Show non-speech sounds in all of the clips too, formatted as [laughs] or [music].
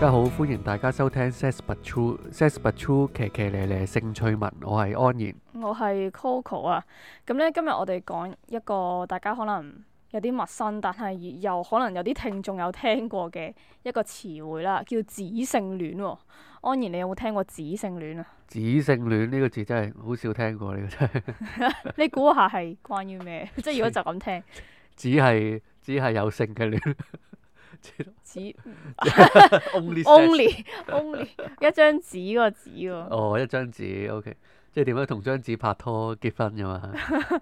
大家好，歡迎大家收聽 Sex But True Sex But True 騎騎咧咧性趣文，我係安然，我係 Coco 啊。咁咧今日我哋講一個大家可能有啲陌生，但係又可能有啲聽眾有聽過嘅一個詞彙啦，叫紙性戀、哦。安然，你有冇聽過紙性戀啊？紙性戀呢個字真係好少聽過，呢個真係。 [laughs] 你估下係關於咩？即係如果就咁聽，只係只係有性嘅戀。紙 [laughs] only, [laughs] only only [laughs] 一張紙個紙喎，哦，一張紙 OK，即係點樣同張紙拍拖結婚嘅嘛？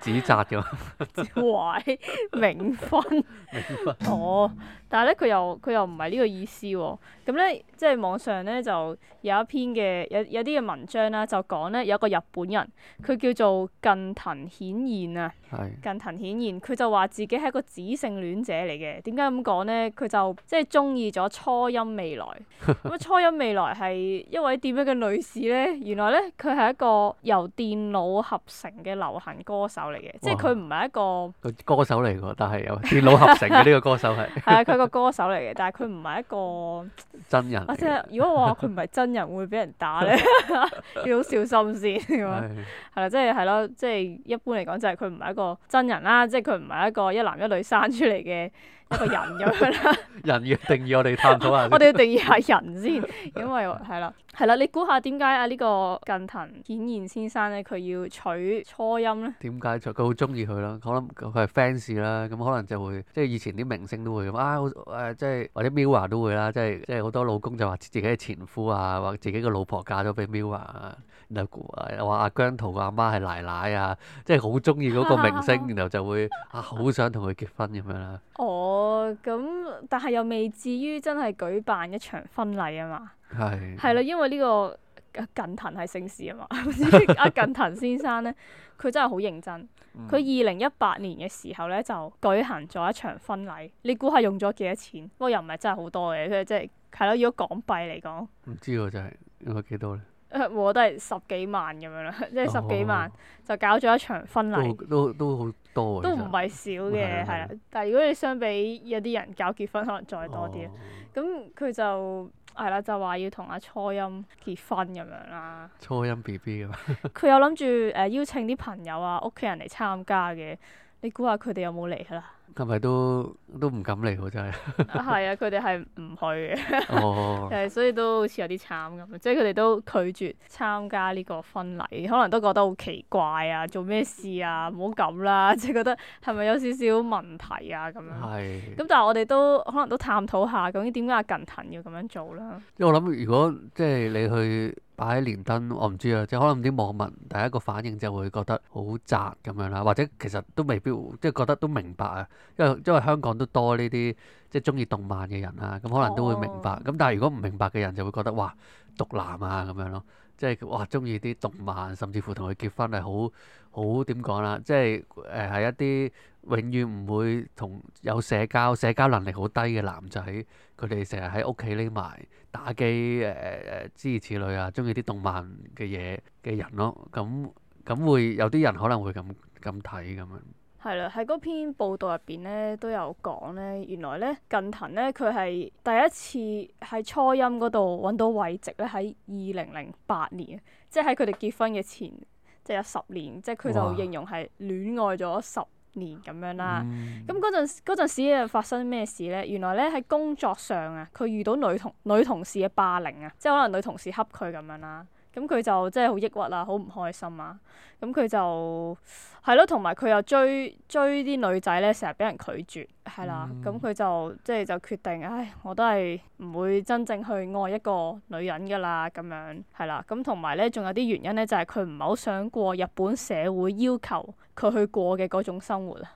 紙紮嘅嘛？懷冥婚冥婚哦，但係咧佢又，佢又唔係呢個意思咁咧。即係網上咧就有一篇嘅有有啲嘅文章啦、啊，就講咧有一個日本人，佢叫做近藤顯彥啊。是近藤顯彥，佢就話自己係一個紙性戀者嚟嘅。點解咁講咧？佢就即係中意咗初音未來。咁、嗯、初音未來係一位點樣嘅女士咧？原來咧，佢係一個由電腦合成嘅流行歌手嚟嘅，哇即係佢唔係一個歌手嚟嘅，但係有電腦合成嘅呢個歌手係。係佢係一個歌手嚟嘅，但係佢唔係一個 [laughs] 真人。我、啊、即係，如果話佢唔係真人， [laughs] 會唔會俾人打咧？ [laughs] 要好小心先咁，係啦，即係係咯，即係、就是、一般嚟講就係佢唔係一個真人啦，即係佢唔係一個一男一女生出嚟嘅。一個人咁樣啦， [laughs] 人要定義我哋探討下。 [laughs] 我哋要定義下人先，因為係啦，係啦。你估下點解啊？呢個近藤顯現先生咧，佢要娶初音咧？點解佢好中意佢啦，可能佢係 fans 啦，咁可能就會即係以前啲明星都會咁啊，誒即係或者 miu 華都會啦，即係即係好多老公就話自己嘅前夫啊，者自己個老婆嫁咗俾 miu 華。然後話阿姜濤個阿媽係奶奶啊，即係好中意嗰個明星，然後就會啊好想同佢結婚咁 [laughs] 樣啦。哦，咁但係又未至於真係舉辦一場婚禮啊嘛。係是。係啦，因為呢個近藤係姓氏啊嘛。阿近藤先生咧，佢真係好認真。佢二零一八年嘅時候咧就舉行咗一場婚禮。嗯、你估下用咗幾多錢？我又唔係真係好多嘅，即係即係係咯，如果港幣嚟講。唔知喎，就係應該幾多咧？我都係十幾萬咁樣啦，即係十幾萬就搞咗一場婚禮，哦、都都好多啊！都唔係少嘅，係啦。但係如果你相比有啲人搞結婚可能再多啲啊，咁佢、哦、就係啦，就話要同阿初音結婚咁樣啦。初音 BB 啊嘛！佢 [laughs] 有諗住誒邀請啲朋友啊、屋企人嚟參加嘅，你估下佢哋有冇嚟啦？係咪都都唔敢嚟？我真係，係啊！佢哋係唔去嘅，係、oh. [laughs] 所以都好似有啲慘咁，即係佢哋都拒絕參加呢個婚禮，可能都覺得好奇怪啊，做咩事啊？唔好咁啦，即係覺得係咪有少少問題啊？咁樣，咁係但係我哋都可能都探討下，究竟點解阿近藤要咁樣做啦？即係我諗，如果即係你去。擺喺連登，我唔知啊，即可能啲網民第一個反應就會覺得好宅咁樣啦，或者其實都未必即係覺得都明白啊，因為因為香港都多呢啲即係中意動漫嘅人啦，咁可能都會明白。咁、oh. 但係如果唔明白嘅人就會覺得哇，毒男啊咁樣咯。即係、佢話、哇，中意啲動漫，甚至乎同佢結婚係好好點講啦？即係誒係一啲永遠唔會同有社交、社交能力好低嘅男仔，佢哋成日喺屋企匿埋打機誒誒諸如此類啊，中意啲動漫嘅嘢嘅人咯。咁咁會有啲人可能會咁咁睇咁樣。係啦，喺嗰篇報道入邊咧都有講咧，原來咧，近藤咧，佢係第一次喺初音嗰度揾到慰藉咧，喺二零零八年，即係喺佢哋結婚嘅前，即係有十年，哇即係佢就形容係戀愛咗十年咁樣啦。咁嗰陣嗰陣時啊，又發生咩事咧？原來咧，喺工作上啊，佢遇到女同女同事嘅霸凌啊，即係可能女同事恰佢咁樣啦。咁佢就即係好抑鬱啦、啊，好唔開心啊！咁佢就係咯，同埋佢又追追啲女仔咧，成日俾人拒絕，係啦。咁佢、嗯、就即係、就是、就決定，唉，我都係唔會真正去愛一個女人噶啦，咁樣係啦。咁同埋咧，仲有啲原因咧，就係佢唔係好想過日本社會要求佢去過嘅嗰種生活啊。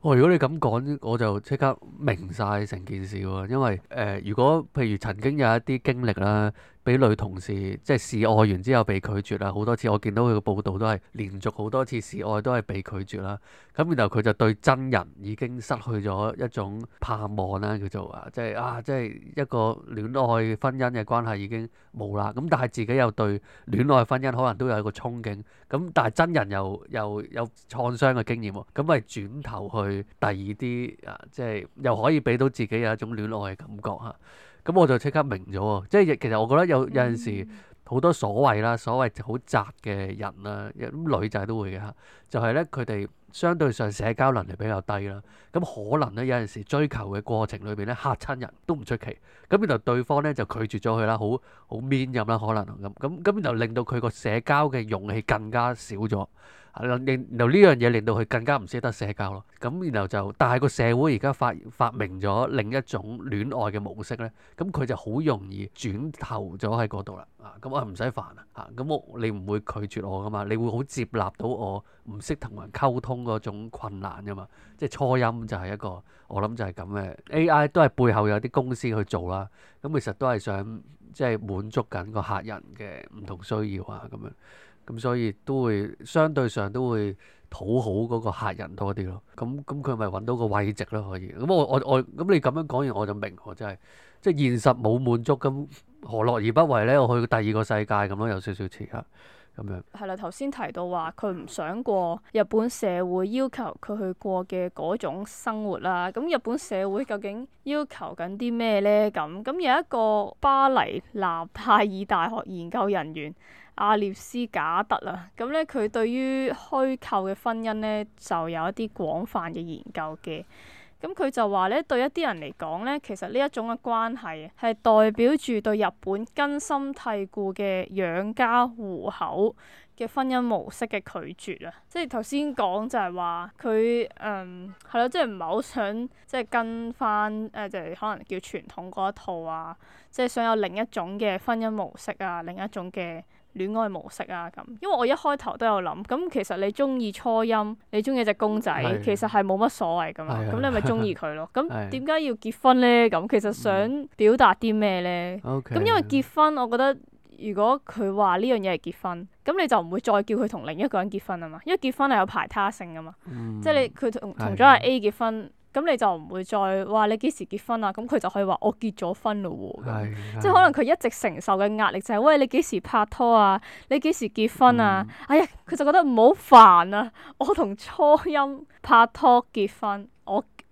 哦，如果你咁講，我就即刻明晒成件事喎。因為誒、呃，如果譬如曾經有一啲經歷啦。俾女同事即係示愛完之後被拒絕啦，好多次我見到佢嘅報道都係連續好多次示愛都係被拒絕啦。咁然後佢就對真人已經失去咗一種盼望啦，叫做啊，即係啊，即係一個戀愛婚姻嘅關係已經冇啦。咁但係自己又對戀愛婚姻可能都有一個憧憬。咁但係真人又又，又有創傷嘅經驗，咁咪轉頭去第二啲啊，即係又可以俾到自己有一種戀愛嘅感覺嚇。咁我就即刻明咗喎，即係亦其實我覺得有有陣時好多所謂啦，所謂好宅嘅人啦，咁女仔都會嘅嚇，就係咧佢哋相對上社交能力比較低啦，咁可能咧有陣時追求嘅過程裏邊咧嚇親人都唔出奇，咁然後對方咧就拒絕咗佢啦，好好 mean 咁啦，可能，咁咁咁，然後令到佢個社交嘅勇氣更加少咗。令由呢樣嘢令到佢更加唔識得社交咯，咁然後就，但係個社會而家發發明咗另一種戀愛嘅模式咧，咁佢就好容易轉頭咗喺嗰度啦。啊，咁我唔使煩啊，嚇，咁、啊、我、啊啊、你唔會拒絕我噶嘛？你會好接納到我唔識同人溝通嗰種困難噶嘛？即係初音就係一個，我諗就係咁嘅。AI 都係背後有啲公司去做啦，咁、啊、其實都係想即、啊、係滿足緊個客人嘅唔同需要啊，咁樣。咁所以都會相對上都會討好嗰個客人多啲咯。咁咁佢咪揾到個位置咯，可以。咁、嗯、我我我咁、嗯、你咁樣講完我就明，我真係即係現實冇滿足咁，何樂而不為呢？我去第二個世界咁咯，有少少似刻。咁樣。係啦，頭 [noise] 先樂提到話佢唔想過日本社會要求佢去過嘅嗰種生活啦。咁日本社會究竟要求緊啲咩呢？咁咁有一個巴黎南泰爾大學研究人員。阿列斯賈德啊，咁咧佢對於虛構嘅婚姻咧就有一啲廣泛嘅研究嘅。咁、嗯、佢就話咧，對一啲人嚟講咧，其實呢一種嘅關係係代表住對日本根深蒂固嘅養家糊口嘅婚姻模式嘅拒絕啊。即係頭先講就係話佢誒係咯，即係唔係好想即係跟翻誒，就係就係呃就係、可能叫傳統嗰一套啊，即、就、係、係、想有另一種嘅婚姻模式啊，另一種嘅。戀愛模式啊咁，因為我一開頭都有諗，咁其實你中意初音，你中意隻公仔，的其實係冇乜所謂噶嘛，咁、哎、呀你咪中意佢咯。咁點解要結婚咧？咁其實想表達啲咩咧？咁、嗯 okay，因為結婚，我覺得如果佢話呢樣嘢係結婚，咁你就唔會再叫佢同另一個人結婚啊嘛。因為結婚係有排他性噶嘛，嗯、即係你佢同的同咗阿 A 結婚。咁你就唔會再話你幾時結婚啊？咁佢就可以話我結咗婚嘞喎！ [noise] 即係可能佢一直承受嘅壓力就係，喂，你幾時拍拖啊？你幾時結婚啊？嗯、哎呀，佢就覺得唔好煩啊！我同初音拍拖結婚。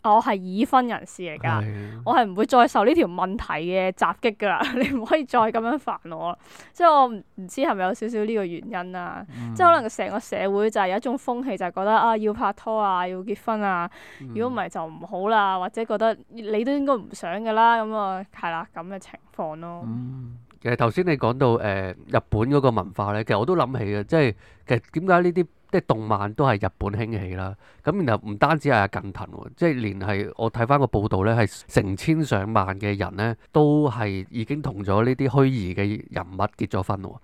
我係已婚人士嚟噶，啊、我係唔會再受呢條問題嘅襲擊噶啦。 [laughs] 你唔可以再咁樣煩我，即係我唔知係咪有少少呢個原因啊？嗯、即係可能成個社會就係有一種風氣，就係覺得啊要拍拖啊要結婚啊，如果唔係就唔好啦，或者覺得你都應該唔想噶啦咁、嗯、啊，係啦咁嘅情況咯。嗯、其實頭先你講到誒、呃、日本嗰個文化咧，其實我都諗起啊，即係其實點解呢啲？即係動漫都係日本興起啦，咁然後唔單止係阿近藤喎，即係連係我睇翻個報道呢，係成千上萬嘅人呢都係已經同咗呢啲虛擬嘅人物結咗婚喎，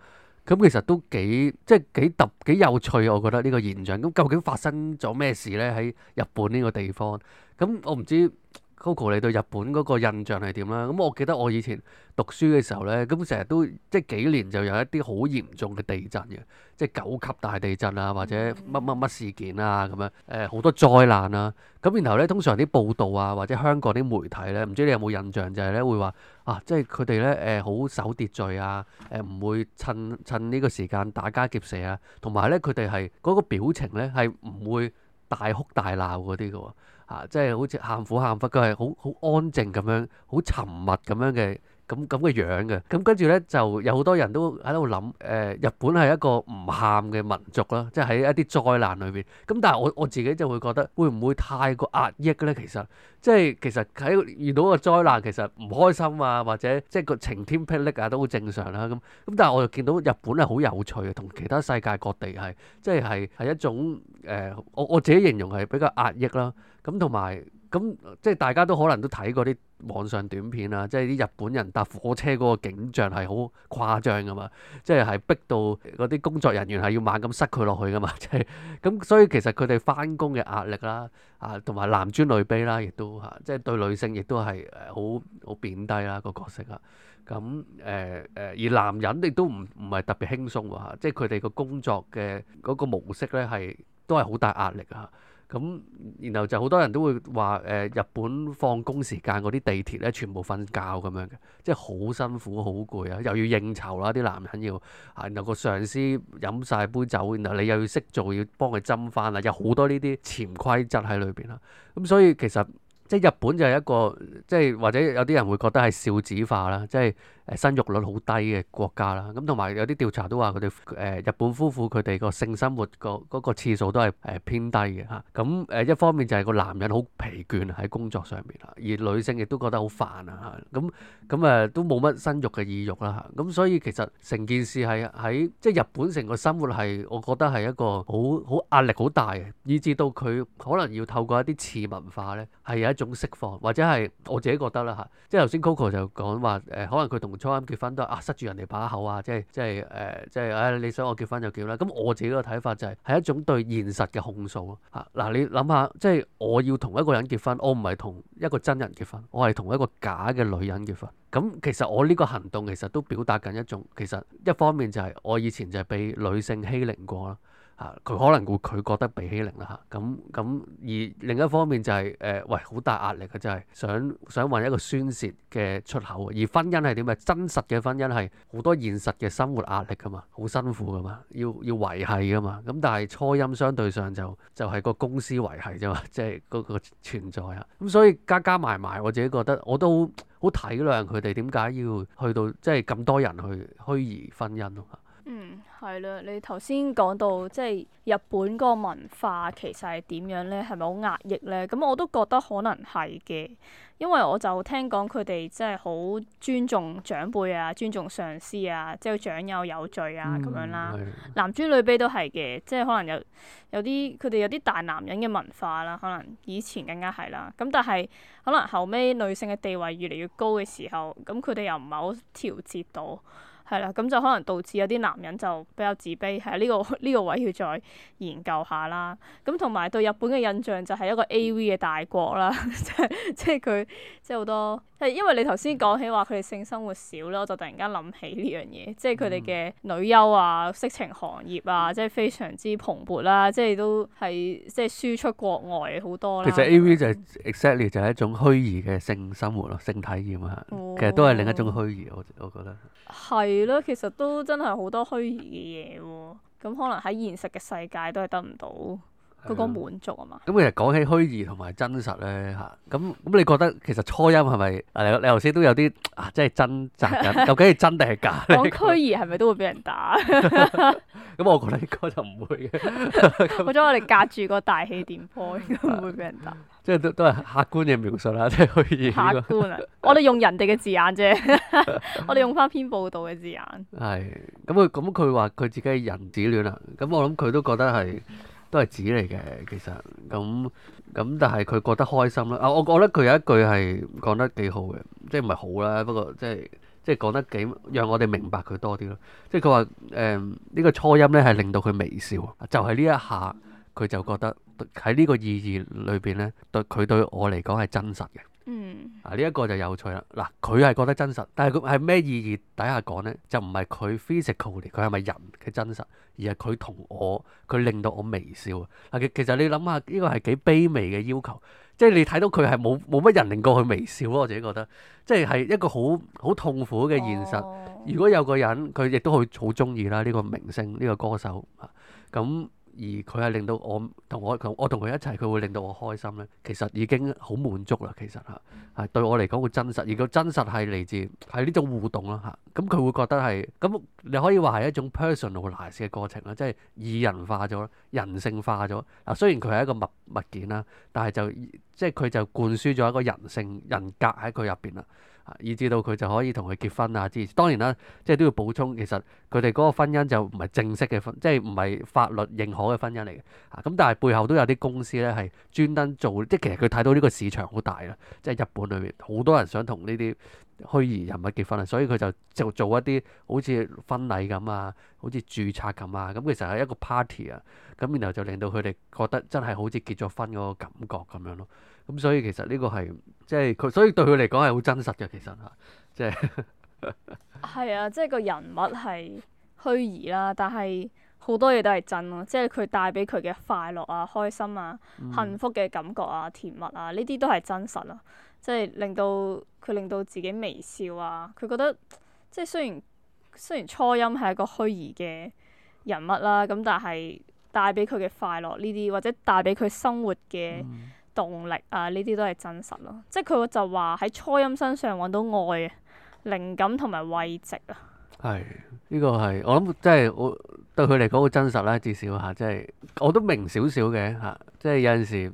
咁其實都幾即係幾特別幾有趣，我覺得呢個現象。咁究竟發生咗咩事呢？喺日本呢個地方，咁我唔知。Coco，你對日本嗰個印象係點啦？咁我記得我以前讀書嘅時候咧，咁成日都即係幾年就有一啲好嚴重嘅地震嘅，即係九級大地震啊，或者乜乜乜事件啊咁樣，誒好多災難啊。咁然後咧，通常啲報道啊，或者香港啲媒體咧，唔知你有冇印象就係咧會話啊，即係佢哋咧誒好守秩序啊，誒唔會趁趁呢個時間打家劫舍啊，同埋咧佢哋係嗰個表情咧係唔會大哭大鬧嗰啲㗎喎。啊！即係好似喊苦喊忽，佢係好好安靜咁樣，好沉默咁樣嘅。咁咁嘅樣嘅，咁跟住呢，就有好多人都喺度諗，誒、呃、日本係一個唔喊嘅民族啦，即係喺一啲災難裏邊。咁但係我我自己就會覺得，會唔會太過壓抑呢？其實即係其實喺遇到個災難，其實唔開心啊，或者即係個晴天霹靂啊，都好正常啦、啊。咁咁但係我又見到日本係好有趣嘅，同其他世界各地係即係係係一種誒、呃，我我自己形容係比較壓抑啦。咁同埋咁即係大家都可能都睇過啲。網上短片啊，即係啲日本人搭火車嗰個景象係好誇張噶嘛，即係係逼到嗰啲工作人員係要猛咁塞佢落去噶嘛，即係咁所以其實佢哋翻工嘅壓力啦，啊同埋男尊女卑啦，亦都吓、啊，即係對女性亦都係好好貶低啦、個角色啊。咁誒誒，而男人亦都唔唔係特別輕鬆吓，即係佢哋個工作嘅嗰個模式咧係都係好大壓力啊。咁然後就好多人都會話誒、呃、日本放工時間嗰啲地鐵咧，全部瞓覺咁樣嘅，即係好辛苦好攰啊！又要應酬啦，啲男人要啊，然後個上司飲晒杯酒，然後你又要識做，要幫佢斟翻啊，有好多呢啲潛規則喺裏邊啦。咁、啊嗯、所以其實～即係日本就係一個，即係或者有啲人會覺得係少子化啦，即係誒生育率好低嘅國家啦。咁同埋有啲調查都話佢哋誒日本夫婦佢哋個性生活個，嗰個次數都係誒偏低嘅吓，咁誒一方面就係個男人好疲倦喺工作上面啊，而女性亦都覺得好煩啊吓，咁咁誒都冇乜生育嘅意欲啦吓，咁所以其實成件事係喺即係日本成個生活係我覺得係一個好好壓力好大嘅，以至到佢可能要透過一啲次文化咧係有一。一種釋放，或者係我自己覺得啦吓、啊，即係頭先 Coco 就講話，誒、呃，可能佢同初音結婚都係啊塞住人哋把口啊，即係即係誒，即係唉、啊，你想我結婚就叫啦。咁、啊、我自己個睇法就係、是，係一種對現實嘅控訴咯吓。嗱、啊，你諗下，即係我要同一個人結婚，我唔係同一個真人結婚，我係同一個假嘅女人結婚。咁、啊、其實我呢個行動其實都表達緊一種，其實一方面就係我以前就係被女性欺凌過啦。啊！佢可能會佢覺得被欺凌啦嚇，咁咁而另一方面就係誒、喂，好大壓力嘅就係，想想揾一個宣泄嘅出口。而婚姻係點啊？真實嘅婚姻係好多現實嘅生活壓力噶嘛，好辛苦噶嘛，要要維繫噶嘛。咁但係初音相對上就就係個公司維繫啫嘛，即係嗰個存在啊。咁所以加加埋埋，我自己覺得我都好體諒佢哋點解要去到即係咁多人去虛擬婚姻咯。嗯。係啦，你頭先講到即係日本嗰個文化，其實係點樣呢？係咪好壓抑呢？咁我都覺得可能係嘅，因為我就聽講佢哋即係好尊重長輩啊，尊重上司啊，即係長幼有序啊咁、嗯、樣啦。係嘅。男尊女卑都係嘅，即係可能有有啲佢哋有啲大男人嘅文化啦，可能以前更加係啦。咁但係可能後尾女性嘅地位越嚟越高嘅時候，咁佢哋又唔係好調節到。係啦，咁就可能導致有啲男人就比較自卑，係呢個呢個位要再研究下啦。咁同埋對日本嘅印象就係一個 AV 嘅大國啦，即係即係佢即係好多係因為你頭先講起話佢哋性生活少咧，我就突然間諗起呢樣嘢，即係佢哋嘅女優啊、色情行業啊，即係非常之蓬勃啦，即係都係即係輸出國外好多啦。其實 AV 就係 exactly 就係一種虛擬嘅性生活咯，性體驗啊，其實都係另一種虛擬，我我覺得係。係咯，其實都真係好多虛擬嘅嘢喎，咁可能喺現實嘅世界都係得唔到嗰個的滿足啊嘛。咁其實講起虛擬同埋真實咧嚇，咁咁你覺得其實初音係咪？你你頭先都有啲啊，即係掙扎緊，究竟係真定係假？ [laughs] 講虛擬係咪都會俾人打？咁 [laughs] [laughs] 我覺得應該就唔會嘅。好 [laughs] 在 [laughs] 我哋隔住個大氣電波，應該唔會俾人打。即係都都係客觀嘅描述啦，即係可以客觀啊！ [laughs] 我哋用人哋嘅字眼啫， [laughs] 我哋用翻篇報道嘅字眼。係咁佢咁佢話佢自己人紙戀啦。咁我諗佢都覺得係都係紙嚟嘅其實。咁咁但係佢覺得開心啦。啊，我覺得佢有一句係講得幾好嘅，即係唔係好啦，不過即係即係講得幾讓我哋明白佢多啲咯。即係佢話誒呢個初音咧係令到佢微笑，就係呢一下佢就覺得。喺呢個意義裏邊呢，對佢對我嚟講係真實嘅。嗯、啊呢一、呢個就有趣啦。嗱，佢係覺得真實，但係佢係咩意義底下講呢，就唔係佢 physical 嚟，佢係咪人嘅真實？而係佢同我，佢令到我微笑啊！其實你諗下呢個係幾卑微嘅要求，即係你睇到佢係冇冇乜人令到佢微笑咯。我自己覺得，即係一個好好痛苦嘅現實。哦、如果有個人佢亦都好好中意啦，呢個明星呢、呢個歌手咁。啊嗯而佢係令到我同我同我同佢一齊，佢會令到我開心咧。其實已經好滿足啦。其實嚇係對我嚟講會真實，而個真實係嚟自係呢種互動咯嚇。咁佢會覺得係咁，你可以話係一種 personalized 嘅過程啦，即係擬人化咗、人性化咗。嗱，雖然佢係一個物物件啦，但係就即係佢就灌輸咗一個人性人格喺佢入邊啦。以至到佢就可以同佢結婚啊！之當然啦，即係都要補充，其實佢哋嗰個婚姻就唔係正式嘅婚，即係唔係法律認可嘅婚姻嚟嘅。啊，咁但係背後都有啲公司咧，係專登做，即係其實佢睇到呢個市場好大啦，即係日本裏面好多人想同呢啲。虛擬人物結婚啊，所以佢就就做，做一啲好似婚禮咁啊，好似註冊咁啊，咁其實係一個 party 啊，咁然後就令到佢哋覺得真係好似結咗婚嗰個感覺咁樣咯、啊，咁所以其實呢個係即係佢，所以對佢嚟講係好真實嘅，其實吓、就是，即係係啊，即係個人物係虛擬啦、啊，但係好多嘢都係真咯，即係佢帶畀佢嘅快樂啊、開心啊、嗯、幸福嘅感覺啊、甜蜜啊，呢啲都係真實啊。即係令到佢令到自己微笑啊！佢覺得即係雖然雖然初音係一個虛擬嘅人物啦，咁但係帶俾佢嘅快樂呢啲，或者帶俾佢生活嘅動力啊，呢啲都係真實咯。嗯、即係佢就話喺初音身上揾到愛、靈感同埋慰藉啊。係呢、呢個係我諗，即係我對佢嚟講好真實啦。至少嚇，即係我都明少少嘅嚇，即係有陣時。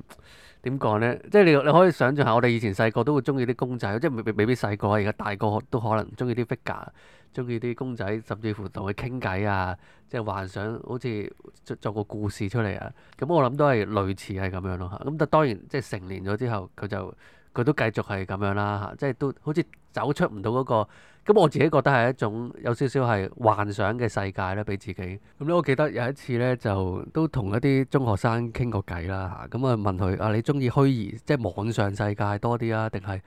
點講咧？即係你你可以想象下，我哋以前細個都會中意啲公仔，即係未未未必細個，而家大個都可能中意啲 figure，中意啲公仔，甚至乎同佢傾偈啊，即係幻想好似作作個故事出嚟啊。咁我諗都係類似係咁樣咯嚇。咁但當然即係成年咗之後，佢就佢都繼續係咁樣啦嚇，即係都好似走出唔到嗰個。咁我自己覺得係一種有少少係幻想嘅世界啦，俾自己。咁咧，我記得有一次呢，就都同一啲中學生傾過偈啦嚇。咁啊，問佢啊，你中意虛擬即係網上世界多啲啊，定係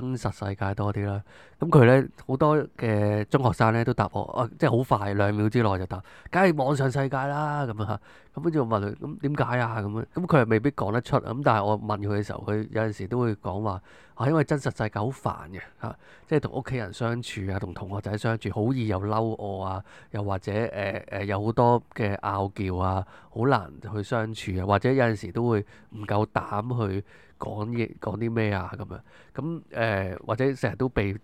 真實世界多啲啦，咁佢呢，好多嘅中學生呢都答我，啊即係好快兩秒之內就答，梗係網上世界啦咁啊，咁跟住我問佢，咁點解啊咁樣？咁佢又未必講得出，咁但係我問佢嘅時候，佢有陣時都會講話，啊因為真實世界好煩嘅，嚇、啊，即係同屋企人相處啊，同同學仔相處，好易又嬲我啊，又或者誒誒、呃呃、有好多嘅拗撬啊，好難去相處啊，或者有陣時都會唔夠膽去。講嘢講啲咩啊咁樣咁誒、呃，或者成日都被批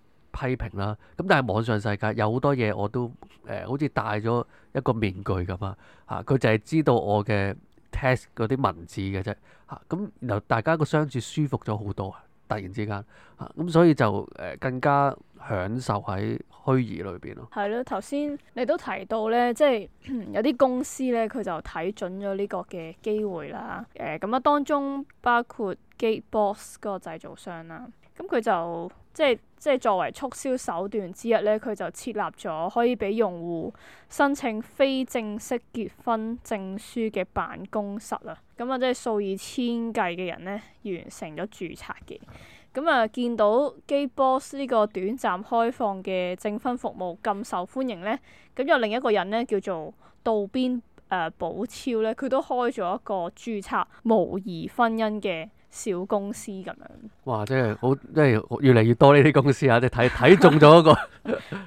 評啦。咁但係網上世界有好多嘢我都誒、呃，好似戴咗一個面具咁啊嚇，佢就係知道我嘅 test 嗰啲文字嘅啫嚇。咁、啊、然後大家個相處舒服咗好多，突然之間嚇，咁、啊嗯、所以就誒、呃、更加。享受喺虛擬裏邊咯。係咯，頭先你都提到咧，即係有啲公司咧，佢就睇準咗呢個嘅機會啦。誒，咁啊，當中包括 Gatebox 嗰個製造商啦。咁佢就即係即係作為促銷手段之一咧，佢就設立咗可以俾用戶申請非正式結婚證書嘅辦公室啦。咁啊，即係數以千計嘅人咧，完成咗註冊嘅。咁啊，見到 Gatebox 呢個短暫開放嘅證婚服務咁受歡迎咧，咁有另一個人咧，叫做道邊誒寶超咧，佢都開咗一個註冊模擬婚姻嘅小公司咁樣。哇！即係好，即係越嚟越多呢啲公司啊！即係睇睇中咗一個，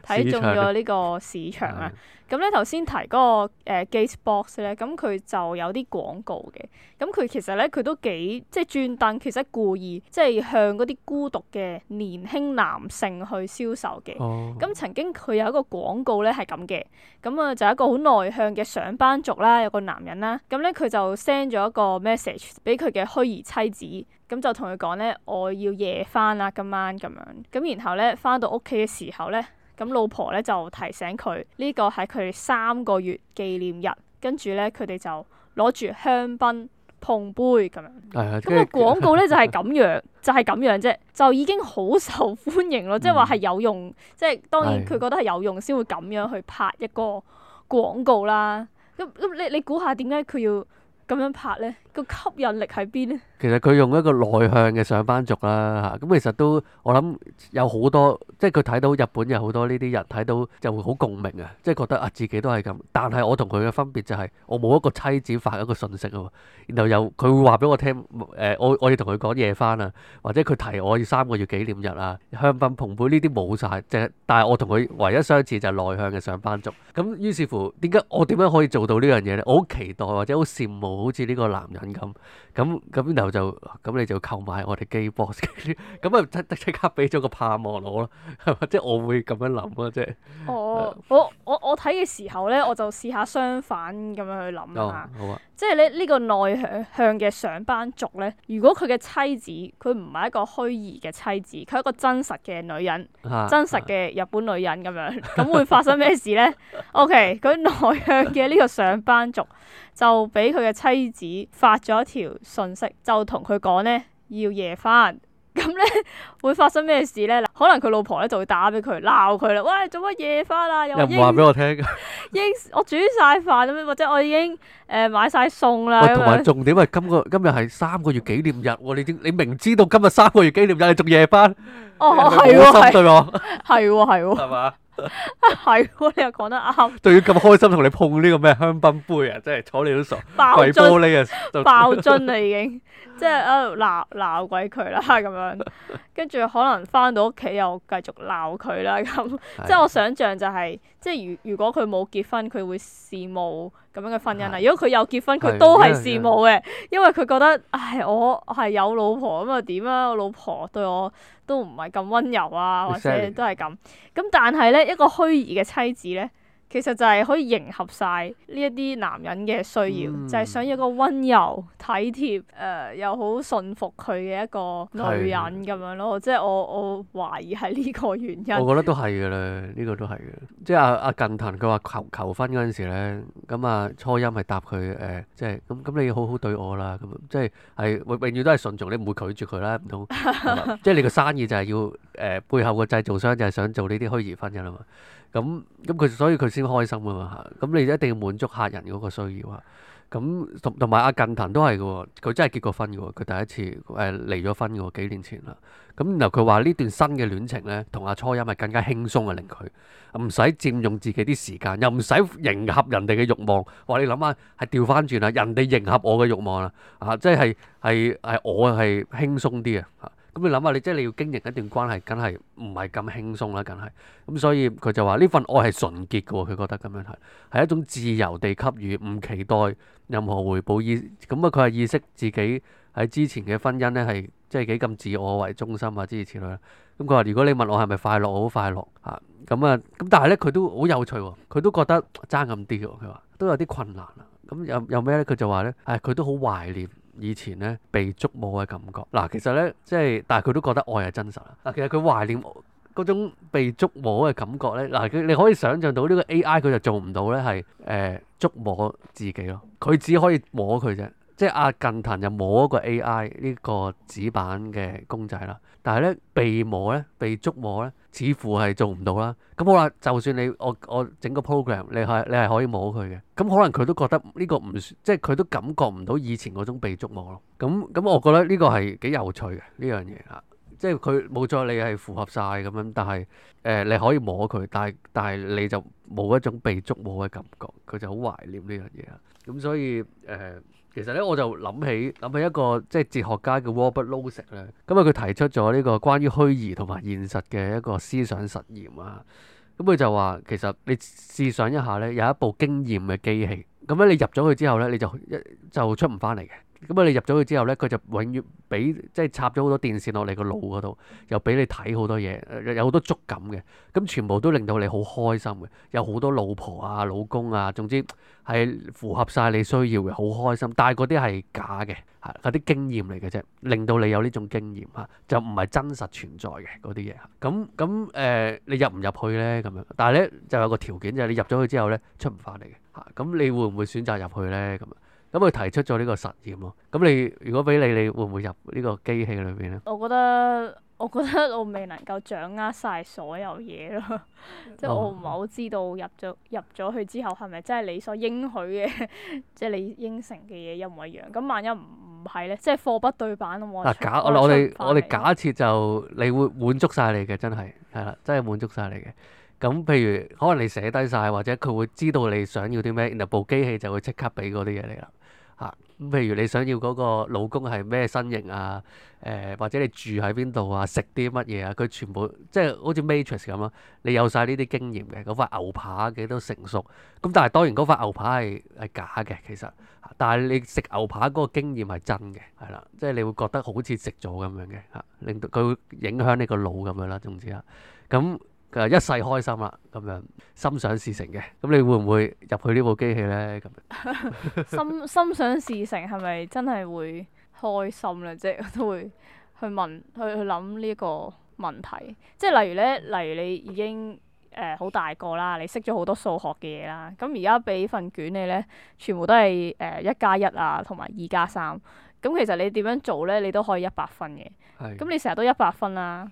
睇 [laughs] 中咗呢個市場啊！嗯咁咧頭先提嗰個誒 Gatebox 咧，咁佢就有啲廣告嘅。咁佢其實咧佢都幾即係轉燈專登，其實故意即係向嗰啲孤獨嘅年輕男性去銷售嘅。咁、oh. 曾經佢有一個廣告咧係咁嘅，咁啊就一個好內向嘅上班族啦，有個男人啦，咁咧佢就 send 咗一個 message 俾佢嘅虛擬妻子，咁就同佢講咧，我要夜返啦，今晚咁樣，咁然後咧返到屋企嘅時候咧。咁老婆咧就提醒佢呢、呢個係佢三個月紀念日，跟住咧佢哋就攞住香檳碰杯咁樣。係啊，咁個廣告咧就係咁樣，就係咁樣啫，就已經好受歡迎咯。嗯、即係話係有用，嗯、即係當然佢覺得係有用先會咁樣去拍一個廣告啦。咁咁的你你估下點解佢要咁樣拍咧？個吸引力喺邊咧？其實佢用一個內向嘅上班族啦，吓咁其實都我諗有好多，即係佢睇到日本有好多呢啲人睇到就會好共鳴啊！即係覺得啊，自己都係咁，但係我同佢嘅分別就係、是、我冇一個妻子發一個信息喎，然後又佢會話俾我聽，誒、呃，我我要同佢講嘢返啊，或者佢提我要三個月紀念日啊，香檳、碰杯呢啲冇晒，即係但係我同佢唯一相似就係內向嘅上班族。咁於是乎，點解我點樣可以做到呢樣嘢呢？我好期待或者好羨慕好似呢個男人。咁咁咁，然後就咁你就購買我哋機波，咁 [laughs] 啊即即刻俾咗個盼望我咯，即係我會咁樣諗咯、啊，即係、oh。 [laughs] 我我我我睇嘅時候咧，我就試下相反咁樣去諗下。好啊、oh。即係咧呢個內向嘅上班族咧，如果佢嘅妻子，佢唔係一個虛擬嘅妻子，佢係一個真實嘅女人，啊啊、真實嘅日本女人咁樣，咁 [laughs] 會發生咩事咧 [laughs] ？OK，佢內向嘅呢個上班族。就俾佢嘅妻子發咗條信息，就同佢講咧要夜翻，咁咧會發生咩事咧？嗱，可能佢老婆咧就會打俾佢鬧佢啦。喂，做乜夜翻啊？又冇話俾我聽噶？英， [laughs] 我煮晒飯咁樣，或者我已經誒買晒餸啦。同埋 [laughs] 重點係今個今日係三個月紀念日，你點？你明知道今日三個月紀念日你，你仲夜翻？哦，係喎，係喎的，係喎，係喎。係嘛？係、 [laughs] 啊，你又講得啱。仲要咁開心同你碰呢個咩香檳杯啊！真係坐你都傻，碎樽玻璃 [laughs] 啊，爆樽啦已經，即係喺度鬧鬧鬼佢啦咁樣，跟住可能翻到屋企又繼續鬧佢啦咁， [laughs] 即係我想象就係、是。即係如如果佢冇結婚，佢會羨慕咁樣嘅婚姻啦。如果佢有結婚，佢的都係羨慕嘅，因為佢覺得唉，我係有老婆咁又點啊？我老婆對我都唔係咁温柔啊，或者都係咁。咁 Exactly. 但係咧，一個虛擬嘅妻子咧。其實就係可以迎合晒呢一啲男人嘅需要，嗯、就係想要個温柔、體貼、誒、呃、又好順服佢嘅一個女人咁是樣咯。即係我我懷疑係呢個原因。我覺得都係嘅咧，呢、這個都係嘅。即係阿阿近藤佢話求求婚嗰陣時咧，咁啊初音係答佢誒、呃，即係咁咁你要好好對我啦。咁即係係永遠都係順從，你唔會拒絕佢啦。唔通？ [laughs] 即係你個生意就係要誒、呃、背後個製造商就係想做呢啲虛擬婚姻啦嘛。咁咁佢所以佢先開心㗎嘛嚇，咁、嗯、你一定要滿足客人嗰個需要啊。咁同同埋阿近藤都係㗎喎，佢真係結過婚㗎喎，佢第一次誒、嗯、離咗婚㗎喎，幾年前啦。咁、嗯嗯、然後佢話呢段新嘅戀情咧，同阿初音係更加輕鬆啊，令佢唔使佔用自己啲時間，又唔使迎合人哋嘅慾望。話、啊、你諗下，係調翻轉啦，人哋迎合我嘅慾望啦，啊，即係係係我係輕鬆啲啊。咁你諗下，你即係你要經營一段關係，梗係唔係咁輕鬆啦，梗係。咁所以佢就話呢份愛係純潔嘅喎，佢覺得咁樣係係一種自由地給予，唔期待任何回報意。咁啊，佢係意識自己喺之前嘅婚姻咧係即係幾咁自我為中心啊諸如此類。咁佢話：如果你問我係咪快樂，我好快樂嚇。咁啊，咁但係咧，佢都好有趣喎。佢都覺得爭咁啲喎。佢話都有啲困難啦。咁有有咩咧？佢就話咧，唉，佢都好懷念。以前呢，被觸摸嘅感覺，嗱其實呢，即係，但係佢都覺得愛係真實。嗱，其實佢懷念嗰種被觸摸嘅感覺呢，嗱你可以想像到呢個 AI 佢就做唔到呢，係誒觸摸自己咯，佢只可以摸佢啫。即係阿近藤就摸一個 A.I. 呢個紙板嘅公仔啦，但係呢，被摸呢、被觸摸呢，似乎係做唔到啦。咁好啦，就算你我我整個 program，你係你係可以摸佢嘅，咁可能佢都覺得呢個唔算，即係佢都感覺唔到以前嗰種被觸摸咯。咁咁，我覺得呢個係幾有趣嘅呢樣嘢啊！即係佢冇錯，你係符合晒咁樣，但係誒、呃、你可以摸佢，但係但係你就冇一種被觸摸嘅感覺，佢就好懷念呢樣嘢啊。咁所以誒。呃其實咧，我就諗起諗起一個即係哲學家嘅 Robert Nozick 咧，咁啊佢提出咗呢個關於虛擬同埋現實嘅一個思想實驗啊，咁、嗯、佢就話其實你試想一下咧，有一部經驗嘅機器，咁、嗯、咧你入咗去之後咧，你就一就出唔翻嚟嘅。咁啊！你入咗去之後咧，佢就永遠俾即係插咗好多電線落你個腦嗰度，又俾你睇好多嘢，有好多觸感嘅。咁全部都令到你好開心嘅，有好多老婆啊、老公啊，總之係符合晒你需要嘅，好開心。但係嗰啲係假嘅，係嗰啲經驗嚟嘅啫，令到你有呢種經驗嚇，就唔係真實存在嘅嗰啲嘢。咁咁誒，你入唔入去咧？咁樣，但係咧就有個條件就係你入咗去之後咧，出唔翻嚟嘅嚇。咁你會唔會選擇入去咧？咁啊？咁佢提出咗呢個實驗咯。咁你如果俾你，你會唔會入呢個機器裏邊咧？我覺得，我覺得我未能夠掌握晒所有嘢咯。即 [laughs] 係我唔係好知道入咗、哦、入咗去之後係咪真係你所應許嘅，即 [laughs] 係你應承嘅嘢一模一樣。咁萬一唔係咧，即、就、係、是、貨不對版。咁喎。嗱、啊、假我哋我哋假設就 [laughs] 你會滿足晒你嘅，真係係啦，真係滿足晒你嘅。咁譬如可能你寫低晒，或者佢會知道你想要啲咩，然後部機器就會即刻俾嗰啲嘢你啦。啊咁，譬如你想要嗰個老公係咩身形啊？誒、呃、或者你住喺邊度啊？食啲乜嘢啊？佢全部即係好似 Matrix 咁啊。你有晒呢啲經驗嘅，嗰塊牛扒幾多成熟？咁、嗯、但係當然嗰塊牛扒係係假嘅其實，啊、但係你食牛扒嗰個經驗係真嘅，係啦、啊，即係你會覺得好似食咗咁樣嘅嚇、啊，令到佢會影響你個腦咁樣啦。總之啊，咁、嗯。佢話一世開心啦，咁樣心想事成嘅，咁你會唔會入去呢部機器咧？咁 [laughs] [laughs] 心心想事成係咪真係會開心咧？即 [laughs] 係都會去問去去諗呢一個問題，即係例如咧，例如你已經誒好、呃、大個啦，你識咗好多數學嘅嘢啦，咁而家俾份卷你咧，全部都係誒一加一啊，同埋二加三，咁其實你點樣做咧，你都可以一百分嘅，咁的你成日都一百分啦。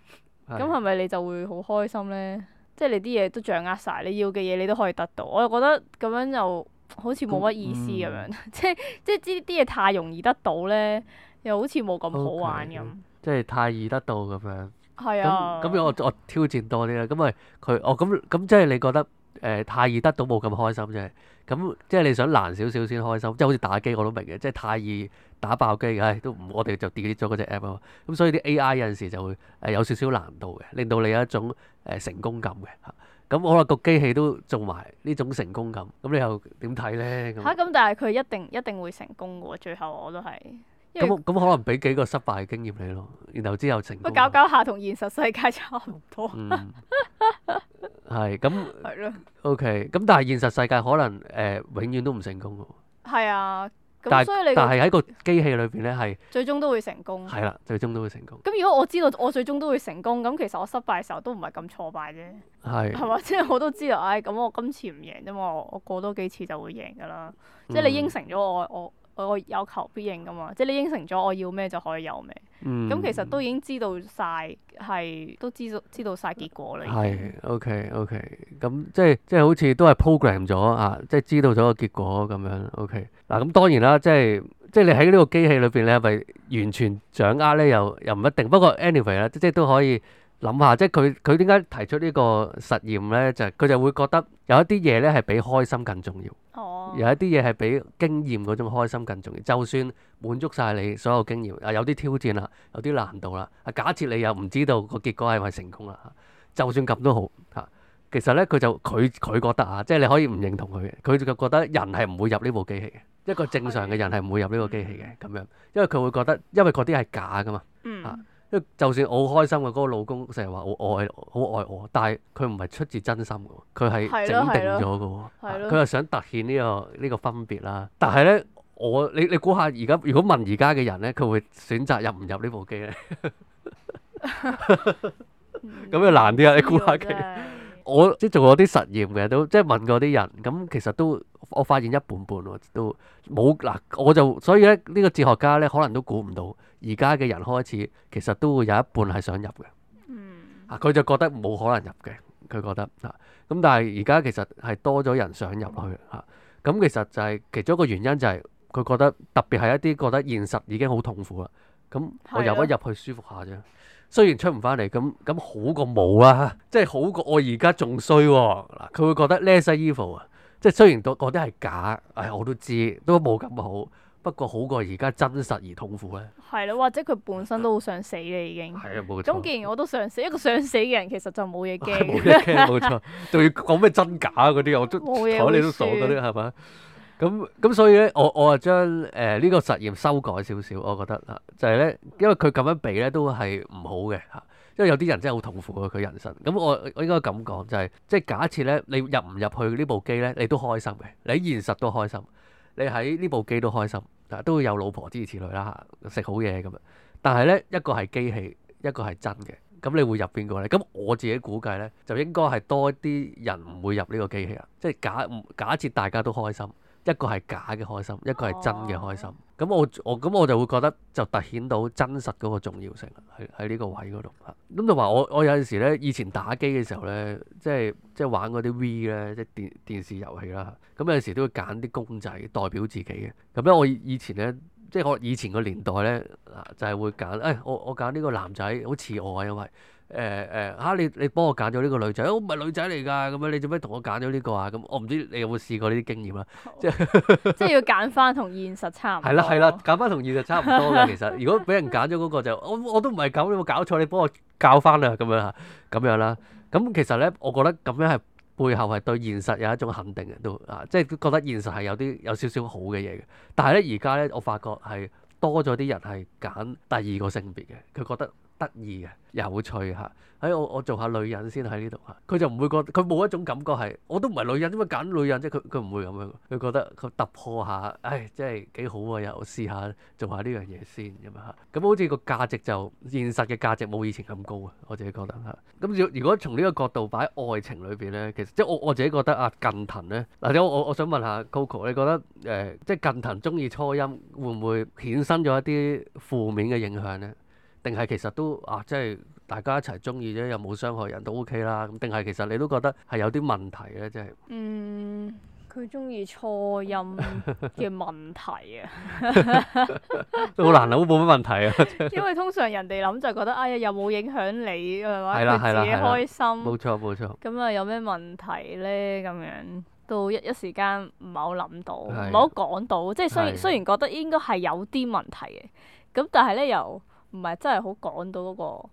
咁係咪你就會好開心咧？即係你啲嘢都掌握晒，你要嘅嘢你都可以得到。我又覺得咁樣就好似冇乜意思咁樣，嗯、 [laughs] 即係即係啲啲嘢太容易得到咧，又好似冇咁好玩咁。Okay，即係太易得到咁樣。係啊。咁咁我我挑戰多啲啦。咁咪佢哦咁咁即係你覺得？誒、呃、太易得到冇咁開心啫，咁、嗯、即係你想難少少先開心，即係好似打機我都明嘅，即係太易打爆機，唉都唔，我哋就 delete 咗隻 app 啊、嗯，咁所以啲 AI 有陣時就會誒、呃、有少少難度嘅，令到你有一種誒、呃、成功感嘅，嚇、嗯，咁我話個機器都做埋呢種成功感，咁、嗯、你又點睇咧？嚇、嗯！咁、啊、但係佢一定一定會成功嘅喎，最後我都係。咁咁可能俾幾個失敗嘅經驗你咯，然後之後成功。不過搞搞下同現實世界差唔多。係咁、嗯。係咯、嗯。OK，咁但係現實世界可能誒、呃、永遠都唔成功㗎喎。係啊。咁所以你但係喺個機器裏邊咧係。最終都會成功。係啦、嗯，最終都會成功。咁如果我知道我最終都會成功，咁其實我失敗嘅時候都唔係咁挫敗啫。係的。係嘛？即、就、係、是、我都知道，唉、哎，咁我今次唔贏啫嘛，我我過多幾次就會贏㗎啦。即、就、係、是、你應承咗我，我、嗯。我有求必應㗎嘛，即係你應承咗我要咩就可以有咩。咁、嗯、其實都已經知道晒，係都知道知道晒結果啦。係，OK OK，咁、嗯、即係即係好似都係 program 咗啊，即係知道咗個結果咁樣。OK，嗱咁、啊、當然啦，即係即係你喺呢個機器裏邊咧，咪完全掌握咧，又又唔一定。不過 anyway 啦，即係都可以。諗下，即係佢佢點解提出呢個實驗呢？就佢、係、就會覺得有一啲嘢呢係比開心更重要。哦、有一啲嘢係比經驗嗰種開心更重要。就算滿足晒你所有經驗，啊有啲挑戰啦，有啲難度啦，啊假設你又唔知道個結果係咪成功啦，就算咁都好嚇。其實呢，佢就佢佢覺得啊，嗯、即係你可以唔認同佢嘅，佢就覺得人係唔會入呢部機器嘅，一個正常嘅人係唔會入呢個機器嘅咁樣，因為佢會覺得，因為嗰啲係假噶嘛嚇。嗯即，就算我好開心嘅嗰個老公成日話愛好愛我，但係佢唔係出自真心嘅，佢係整定咗嘅喎。佢係想突顯呢個呢個分別啦。但係呢，我你你估下而家如果問而家嘅人呢，佢會選擇入唔入呢部機呢？咁就難啲啦。你估下佢，我即做咗啲實驗嘅，都即係問過啲人，咁其實都。 [noise] 我發現一半半喎，都冇嗱，我就所以咧，呢個哲學家咧，可能都估唔到而家嘅人開始其實都會有一半係想入嘅、嗯。啊，佢就覺得冇可能入嘅，佢覺得嚇。咁但係而家其實係多咗人想入去嚇。咁、啊就是啊、其實就係其中一個原因就係、是、佢覺得特別係一啲覺得現實已經好痛苦啦。咁、啊、我入一入去舒服下啫。雖然出唔返嚟，咁咁好過冇啊。即、啊、係、啊、好過我而家仲衰喎。嗱、啊，佢會覺得呢 less evil 啊。attracted at Media 議 Fight 即係雖然都嗰啲係假，誒、哎、我都知，都冇咁好。不過好過而家真實而痛苦咧。係咯，或者佢本身都好想死嘅已經。係啊， [laughs] 冇錯。咁既然我都想死，一個想死嘅人其實就冇嘢驚。冇嘢驚，冇錯。仲 [laughs] 要講咩真假嗰啲，我都睬你都傻嗰啲係咪？咁咁 [laughs] 所以咧，我我啊將誒呢個實驗修改少少，我覺得啊，就係、是、咧，因為佢咁樣比咧都係唔好嘅嚇。因為有啲人真係好痛苦啊，佢人生。咁我我應該咁講就係，即係假設咧，你入唔入去呢部機咧，你都開心嘅。你喺現實都開心，你喺呢部機都開心，啊，都會有老婆諸如此類啦，食好嘢咁啊。但係咧，一個係機器，一個係真嘅，咁你會入邊個咧？咁我自己估計咧，就應該係多啲人唔會入呢個機器啊。即係假假設大家都開心。一個係假嘅開心，一個係真嘅開心。咁我我咁我就會覺得就突顯到真實嗰個重要性啦，喺喺呢個位嗰度。咁同埋我我有陣時咧，以前打機嘅時候呢，即係即係玩嗰啲 V 呢，即係電電視遊戲啦。咁有陣時都會揀啲公仔代表自己嘅。咁咧我以前呢，即係我以前個年代呢，就係、是、會揀誒、哎、我我揀呢個男仔好似我啊，因為。誒誒嚇你你幫我揀咗呢個女仔，欸，我唔係女仔嚟㗎，咁樣你做咩同我揀咗呢個啊？咁我唔知你有冇試過呢啲經驗啊，好即係 [laughs] 即係要揀翻同現實差唔多。係啦係啦，揀翻同現實差唔多嘅其實。如果俾人揀咗嗰個就 [laughs] 我我都唔係咁，你有冇搞錯？你幫我教翻啊咁樣嚇，咁樣啦。咁其實咧，我覺得咁樣係背後係對現實有一種肯定嘅，都啊，即係覺得現實係有啲有，有少少好嘅嘢嘅。但係咧而家咧，我發覺係多咗啲人係揀第二個性別嘅，佢覺得。得意嘅，有趣嚇！喺我我做下女人先喺呢度嚇，佢就唔會覺佢冇一種感覺係，我都唔係女人啫嘛，揀女人啫，佢佢唔會咁樣，佢覺得佢突破下，唉，即係幾好喎、啊，又試下做下呢樣嘢先咁啊嚇，咁好似個價值就現實嘅價值冇以前咁高啊，我自己覺得嚇。咁要如果從呢個角度擺喺愛情裏邊咧，其實即係我我自己覺得啊，近藤咧嗱，者我我我想問下 Coco 你覺得誒、呃、即係近藤中意初音會唔會衍生咗一啲負面嘅影響咧？定係其實都啊，即係大家一齊中意啫，又冇傷害人都 OK 啦。咁定係其實你都覺得係有啲問題咧，即係嗯，佢中意錯音嘅問題啊，好難諗，到冇乜問題啊。因為通常人哋諗就係覺得哎呀，又冇影響你係嘛，自己開心，冇錯冇錯。咁啊，有咩問題咧？咁樣到一一時間唔係好諗到，唔係好講到，即係雖雖然覺得應該係有啲問題嘅，咁但係咧又。唔係真係好講到嗰個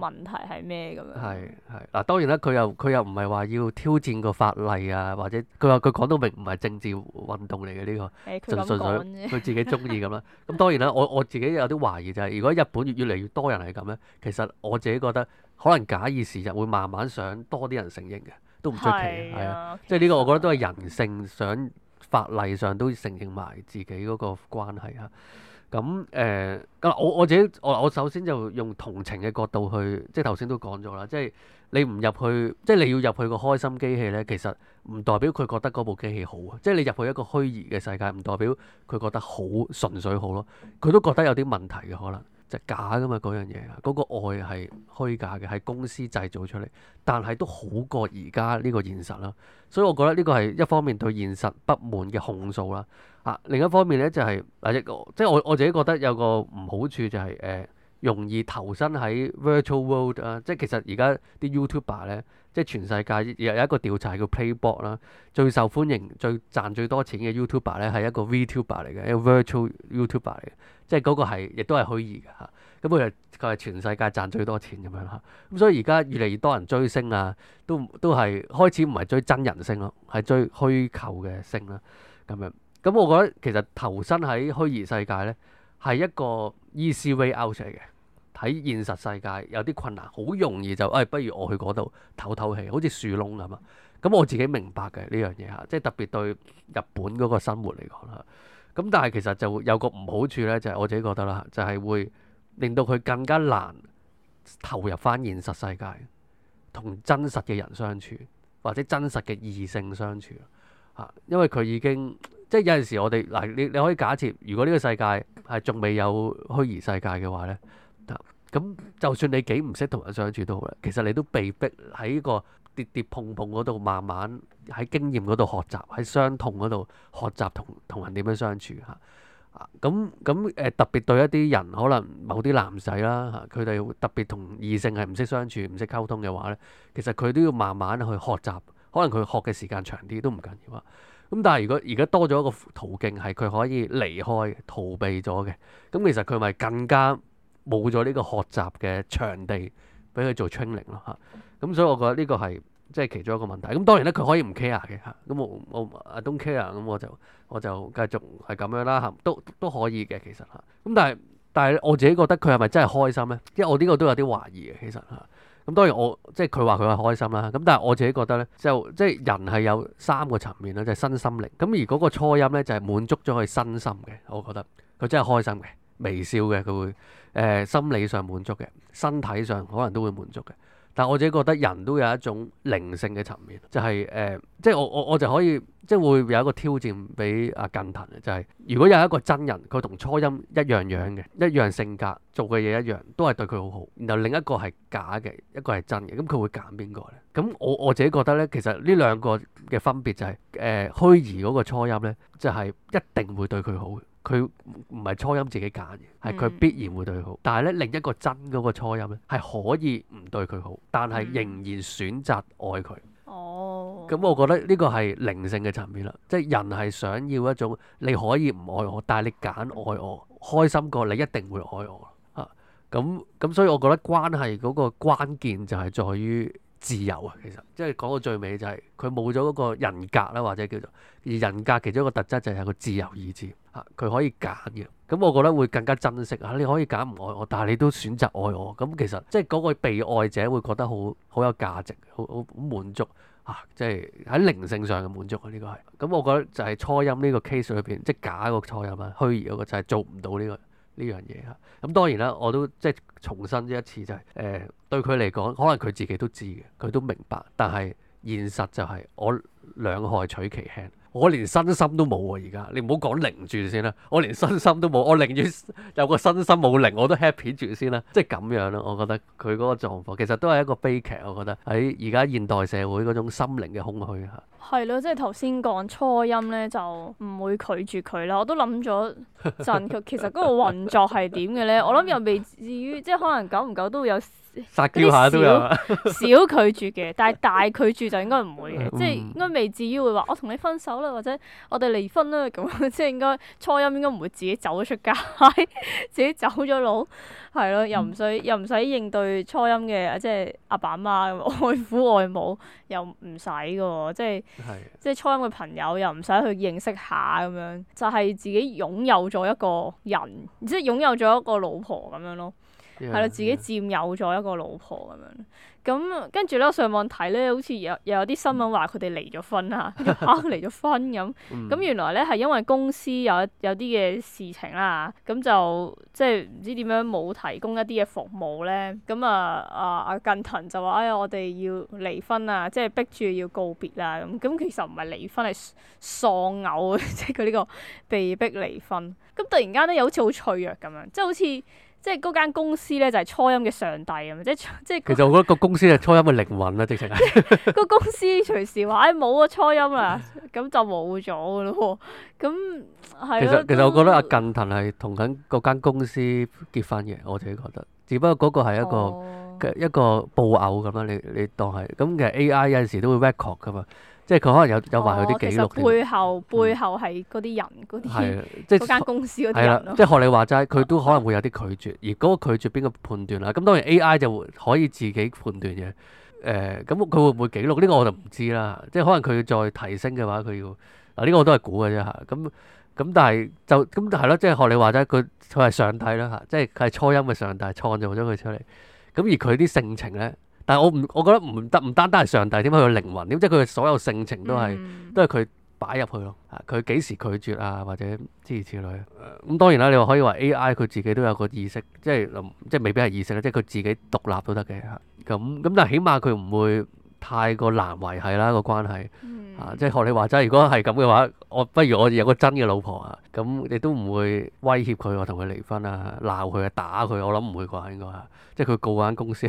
問題係咩咁樣？係係嗱，當然啦，佢又佢又唔係話要挑戰個法例啊，或者佢話佢講到明唔係政治運動嚟嘅呢個，係佢咁講嘅。佢自己中意咁啦。咁 [laughs] 當然啦，我我自己有啲懷疑就係、是，如果日本越嚟越多人係咁咧，其實我自己覺得可能假以時日會慢慢想多啲人承認嘅，都唔出奇。係啊，即係呢個我覺得都係人性想法例上都承認埋自己嗰個關係啊。咁誒，嗱、嗯嗯、我我自己，我我首先就用同情嘅角度去，即係頭先都講咗啦，即係你唔入去，即係你要入去個開心機器呢，其實唔代表佢覺得嗰部機器好啊，即係你入去一個虛擬嘅世界，唔代表佢覺得好純粹好咯，佢都覺得有啲問題嘅可能。就假㗎嘛嗰樣嘢，嗰個愛係虛假嘅，係公司製造出嚟，但係都好過而家呢個現實啦。所以我覺得呢個係一方面對現實不滿嘅控訴啦，啊，另一方面呢，就係嗱，即係我我自己覺得有個唔好處就係誒容易投身喺 virtual world 啦，即係其實而家啲 YouTuber 呢。即係全世界有一個調查叫 Playboard 啦，最受歡迎、最賺最多錢嘅 YouTuber 咧係一個 VTuber 嚟嘅，一個 Virtual YouTuber 嚟嘅，即係嗰個係亦都係虛擬嘅嚇。咁佢係佢係全世界賺最多錢咁樣嚇。咁、嗯、所以而家越嚟越多人追星啊，都都係開始唔係追真人星咯，係追虛構嘅星啦。咁樣咁、嗯嗯、我覺得其實投身喺虛擬世界咧係一個 easy way out 嚟嘅。喺現實世界有啲困難，好容易就誒、哎，不如我去嗰度透透氣，好似樹窿咁啊。咁我自己明白嘅呢樣嘢嚇，即係特別對日本嗰個生活嚟講啦。咁但係其實就會有個唔好處呢，就係、我自己覺得啦，就係、係、會令到佢更加難投入翻現實世界，同真實嘅人相處，或者真實嘅異性相處，因為佢已經，即係有陣時我，我哋嗱，你你可以假設，如果呢個世界係仲未有虛擬世界嘅話呢。咁、嗯、就算你幾唔識同人相處都好啦，其實你都被逼喺個跌跌碰碰嗰度，慢慢喺經驗嗰度學習，喺傷痛嗰度學習同同人點樣相處吓咁咁誒，特別對一啲人，可能某啲男仔啦吓，佢哋、嗯、特別同異性係唔識相處、唔識溝通嘅話咧，其實佢都要慢慢去學習，可能佢學嘅時間長啲都唔緊要啊。咁、嗯、但係如果而家多咗一個途徑，係佢可以離開逃避咗嘅，咁、嗯、其實佢咪更加。冇咗呢個學習嘅場地俾佢做 training 咯嚇，咁所以我覺得呢個係即係其中一個問題。咁當然咧，佢可以唔 care 嘅嚇，咁我我唔啊 don't care，咁我就我就繼續係咁樣啦嚇，都都可以嘅其實嚇。咁但係但係我自己覺得佢係咪真係開心咧？因為我呢個都有啲懷疑嘅其實嚇。咁當然我即係佢話佢係開心啦。咁但係我自己覺得咧，就即係人係有三個層面啦，就係、係、身心靈。咁而嗰個初音咧，就係滿足咗佢身心嘅，我覺得佢真係開心嘅。微笑嘅，佢會誒、呃、心理上滿足嘅，身體上可能都會滿足嘅。但我自己覺得人都有一種靈性嘅層面，就係、是、誒、呃，即係我我我就可以即係會有一個挑戰俾阿近藤嘅，就係、是、如果有一個真人佢同初音一樣樣嘅，一樣性格，做嘅嘢一樣，都係對佢好好。然後另一個係假嘅，一個係真嘅，咁佢會揀邊個呢？咁我我自己覺得呢，其實呢兩個嘅分別就係誒虛擬嗰個初音呢，就係、是、一定會對佢好。佢唔係初音自己揀嘅，係佢必然會對佢好。嗯、但係咧另一個真嗰個初音咧，係可以唔對佢好，但係仍然選擇愛佢。哦、嗯，咁、嗯嗯、我覺得呢個係靈性嘅層面啦，即係人係想要一種你可以唔愛我，但係你揀愛我，開心過你一定會愛我。嚇、啊，咁、嗯、咁、嗯、所以我覺得關係嗰個關鍵就係在於。自由啊，其實即係講到最尾就係佢冇咗嗰個人格啦，或者叫做而人格其中一個特質就係個自由意志嚇，佢可以揀嘅。咁我覺得會更加珍惜嚇，你可以揀唔愛我，但係你都選擇愛我。咁其實即係嗰個被愛者會覺得好好有價值，好好滿足啊！即係喺靈性上嘅滿足啊，呢個係咁，我覺得就係初音呢個 case 裏邊即係假個初音啊，虛擬嗰個就係做唔到呢個。呢樣嘢嚇，咁當然啦，我都即係重申一次就係、是，誒、呃、對佢嚟講，可能佢自己都知嘅，佢都明白，但係現實就係我兩害取其輕。我連身心都冇喎，而家你唔好講靈住先啦、啊。我連身心都冇，我寧願有個身心冇靈，我都 happy 住先啦。即係咁樣咯、啊，我覺得佢嗰個狀況其實都係一個悲劇。我覺得喺而家現代社會嗰種心靈嘅空虛啊。係咯，即係頭先講初音咧，就唔會拒絕佢啦。我都諗咗陣，其實嗰個運作係點嘅咧？我諗又未至於，即係可能久唔久都會有。殺幾下都有啊！小 [laughs] 少拒絕嘅，但係大拒絕就應該唔會嘅， [laughs] 即係應該未至於會話我同你分手啦，或者我哋離婚啦咁，即係應該初音應該唔會自己走咗出街，自己走咗佬，係咯，又唔使 [laughs] 又唔使應對初音嘅即係阿爸阿媽咁，外父外母又唔使嘅喎，即係即係是的 初音嘅朋友又唔使去認識下咁樣，就係、是、自己擁有咗一個人，即係擁有咗一個老婆咁樣咯。係啦，yeah, yeah. 自己佔有咗一個老婆咁樣，咁跟住咧我上網睇咧，好似又又有啲新聞話佢哋離咗婚啊，啱離咗婚咁。咁、 [laughs] 嗯、原來咧係因為公司有有啲嘅事情啦，咁就即係唔知點樣冇提供一啲嘅服務咧。咁啊啊，阿、啊、近藤就話：哎呀，我哋要離婚啊，即係逼住要告別啦咁。咁其實唔係離婚，係喪偶， [laughs] 即係佢呢個被逼離婚。咁突然間咧，又好似好脆弱咁樣，即係好似。即係嗰間公司咧就係初音嘅上帝咁，即係即係。其實我覺得個公司係初音嘅靈魂啦，直情。個 [laughs] [laughs] 公司隨時話，哎，冇咗初音啊，咁就冇咗噶咯。咁係其實其實我覺得阿近藤係同緊嗰間公司結婚嘅，我自己覺得。只不過嗰個係一個、哦、一個布偶咁啦，你你當係。咁其實 A I 有陣時都會 r e c o r d 噶嘛。即係佢可能有有話佢啲記錄、哦、背後、嗯、背後係嗰啲人嗰啲，即係間公司嗰啲人咯。即係學你話齋，佢都可能會有啲拒絕，而嗰個拒絕邊個判斷啦？咁當然 AI 就會可以自己判斷嘅。誒、呃，咁佢會唔會記錄呢、呢個我就唔知啦。嗯、即係可能佢再提升嘅話，佢要嗱呢、呢個我都係估嘅啫嚇。咁、嗯、咁、嗯、但係就咁係咯，即係學你話齋，佢佢係上帝啦嚇，即係佢係初音嘅上帝創造咗佢出嚟。咁而佢啲性情咧？但係我唔，我覺得唔得，唔單單係上帝點解佢嘅靈魂點，即係佢嘅所有性情都係，都係佢擺入去咯。啊，佢幾時拒絕啊，或者諸如此類。咁當然啦，你話可以話 A.I. 佢自己都有個意識，即係即係未必係意識啦，即係佢自己獨立都得嘅。咁咁，但係起碼佢唔會太過難維係啦個關係。啊，即係學你話齋，如果係咁嘅話，我不如我有個真嘅老婆啊。咁你都唔會威脅佢，我同佢離婚啊，鬧佢啊，打佢，我諗唔會啩，應該。即係佢告緊公司。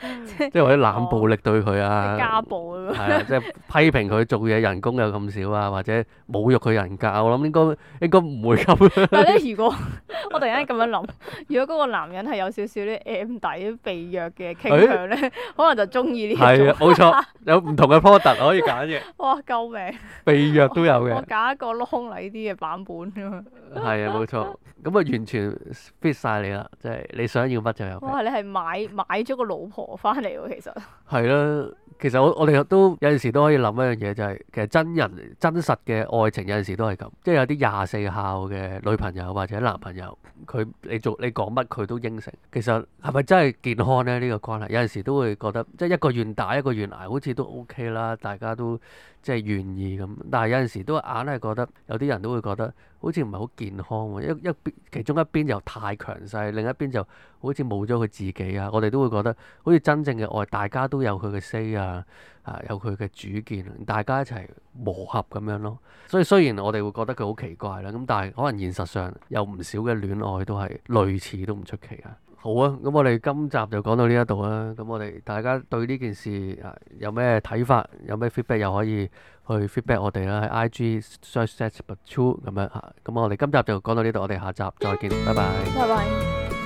即係或者冷暴力對佢啊，家暴係啊，即係批評佢做嘢人工又咁少啊，或者侮辱佢人格，我諗應該應該唔會咁。但係咧，如果我突然間咁樣諗，如果嗰個男人係有少少啲 M 底被虐嘅傾向咧，可能就中意呢種。係啊，冇錯，有唔同嘅 product 可以揀嘅。哇，救命！被虐都有嘅。我揀一個窿禮啲嘅版本咁啊。係啊，冇錯。咁啊，完全 fit 晒你啦，即係你想要乜就有。哇，你係買買咗個老婆。我翻嚟喎，其實係啦，其實我我哋都有陣時都可以諗一樣嘢，就係，就係其實真人真實嘅愛情有陣時都係咁，即係有啲廿四孝嘅女朋友或者男朋友，佢你做你講乜佢都應承，其實係咪真係健康呢？呢、呢個關係有陣時都會覺得，即係一個願打一個願挨，好似都 OK 啦，大家都。即係願意咁，但係有陣時都硬係覺得有啲人都會覺得好似唔係好健康喎。一一邊其中一邊又太強勢，另一邊就好似冇咗佢自己啊。我哋都會覺得好似真正嘅愛，大家都有佢嘅 say 啊，啊有佢嘅主見，大家一齊磨合咁樣咯。所以雖然我哋會覺得佢好奇怪啦，咁但係可能現實上有唔少嘅戀愛都係類似都唔出奇啊。好啊，咁我哋今集就講到呢一度啦。咁我哋大家對呢件事啊有咩睇法，有咩 feedback 又可以去 feedback 我哋啦，啊。喺 IG search t s but true 咁樣吓。咁，啊，我哋今集就講到呢度，我哋下集再見，拜拜。拜拜。